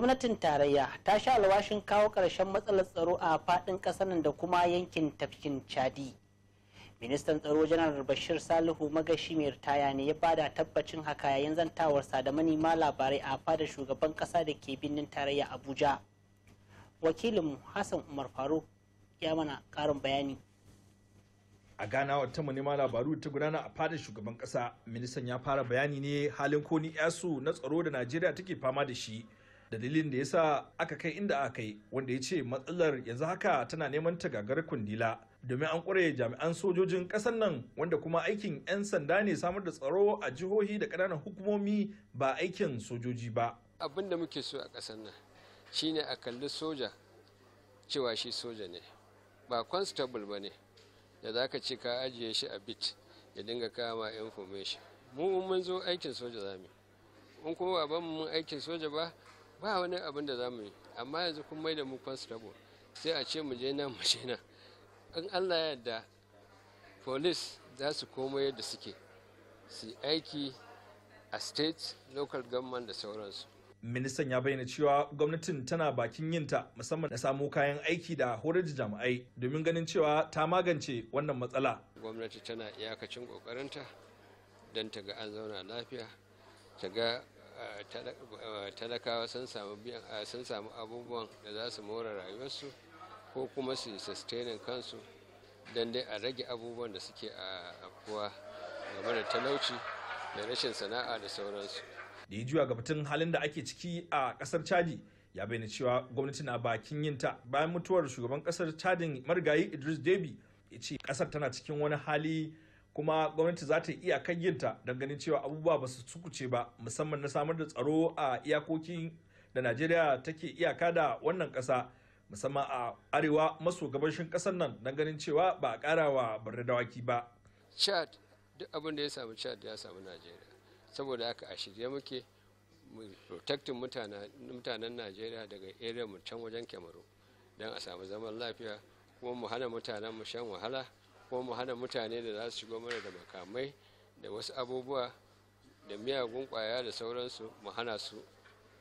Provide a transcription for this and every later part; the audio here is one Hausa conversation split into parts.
gwamnatin tarayya ta sha alwashin kawo karshen matsalar tsaro a faɗin ƙasar nan da kuma yankin tafkin chadi ministan tsaro janar bashir salihu magashi mai ritaya ne ya bada tabbacin haka yayin zantawarsa da manema labarai a fadar shugaban ƙasa da ke birnin tarayya abuja wakilin hassan umar faruk ya mana ƙarin bayani a ganawar ta manema labaru ta gudana a fadar shugaban ƙasa ministan ya fara bayani ne halin koni yasu na tsaro da najeriya take fama da shi dalilin da ya sa aka kai inda aka kai wanda ya ce matsalar yanzu haka tana neman ta gagar kundila domin an kure jami'an sojojin kasar nan wanda kuma aikin 'yan sanda ne samar da tsaro a jihohi da ƙananan hukumomi ba aikin sojoji ba abin da muke so a ƙasar nan shine a kalli soja cewa shi soja ne ba constable ba ne da za ka ce ka ajiye shi a bit ya dinga kama information mu mun zo aikin soja zami in kuma ba mun aikin soja ba ba wani abin da za mu yi amma yanzu kun mai da mu constable sai a ce mu je nan mu je nan in allah ya yarda police za su koma yadda suke su aiki a state local government da sauransu ministan ya bayyana cewa gwamnatin tana bakin yinta musamman na samo kayan aiki da horar da jami'ai domin ganin cewa ta magance wannan matsala gwamnati tana iyakacin kokarinta don ta ga an zauna lafiya ta ga talakawa sun samu abubuwan da za su more rayuwarsu ko kuma su sustainin kansu don dai a rage abubuwan da suke a afkuwa game da talauci da rashin sana'a da sauransu da ya juya ga batun halin da ake ciki a kasar chadi ya bayyana cewa gwamnati na bakin yinta bayan mutuwar shugaban kasar chadin marigayi idris debi ya ce kasar tana cikin wani hali kuma gwamnati za ta iya kayyinta don ganin cewa abubuwa ba su sukuce ba musamman na samar da tsaro a iyakokin da najeriya take iyaka da wannan kasa musamman a arewa maso gabashin kasar nan don ganin cewa ba a kara wa barna dawaki ba chad duk abin da ya samu chad ya samu najeriya saboda haka a shirye muke protectin mutanen najeriya daga area mu can wajen kyamaru don a samu zaman lafiya kuma mu hana mutanen mu shan wahala ko mu hana mutane da za su shigo mana da makamai da wasu abubuwa da miyagun kwaya da sauransu mu hana su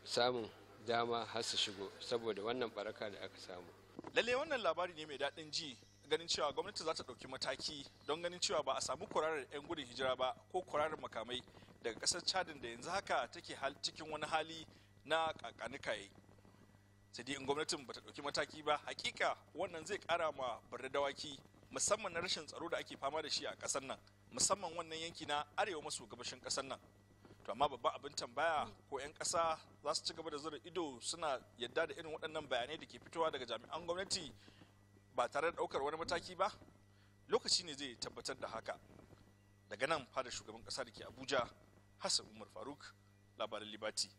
samun dama har su shigo saboda wannan baraka da aka samu lalle wannan labari ne mai daɗin ji ganin cewa gwamnati za ta ɗauki mataki don ganin cewa ba a samu kwararar 'yan gudun hijira ba ko kwararar makamai daga ƙasar cadin da yanzu haka take cikin wani hali na kakanikaye sai dai in gwamnatin ba ta ɗauki mataki ba hakika wannan zai kara ma birni dawaki musamman na rashin tsaro da ake fama da shi a ƙasar nan musamman wannan yanki na arewa maso gabashin ƙasar nan to amma babban abin tambaya ko 'yan ƙasa za su ci gaba da zura ido suna yadda da irin waɗannan bayanai da ke fitowa daga jami'an gwamnati ba tare da ɗaukar wani mataki ba lokaci ne zai tabbatar da haka daga nan fada shugaban ƙasa da ke abuja hassan umar faruk labaran libati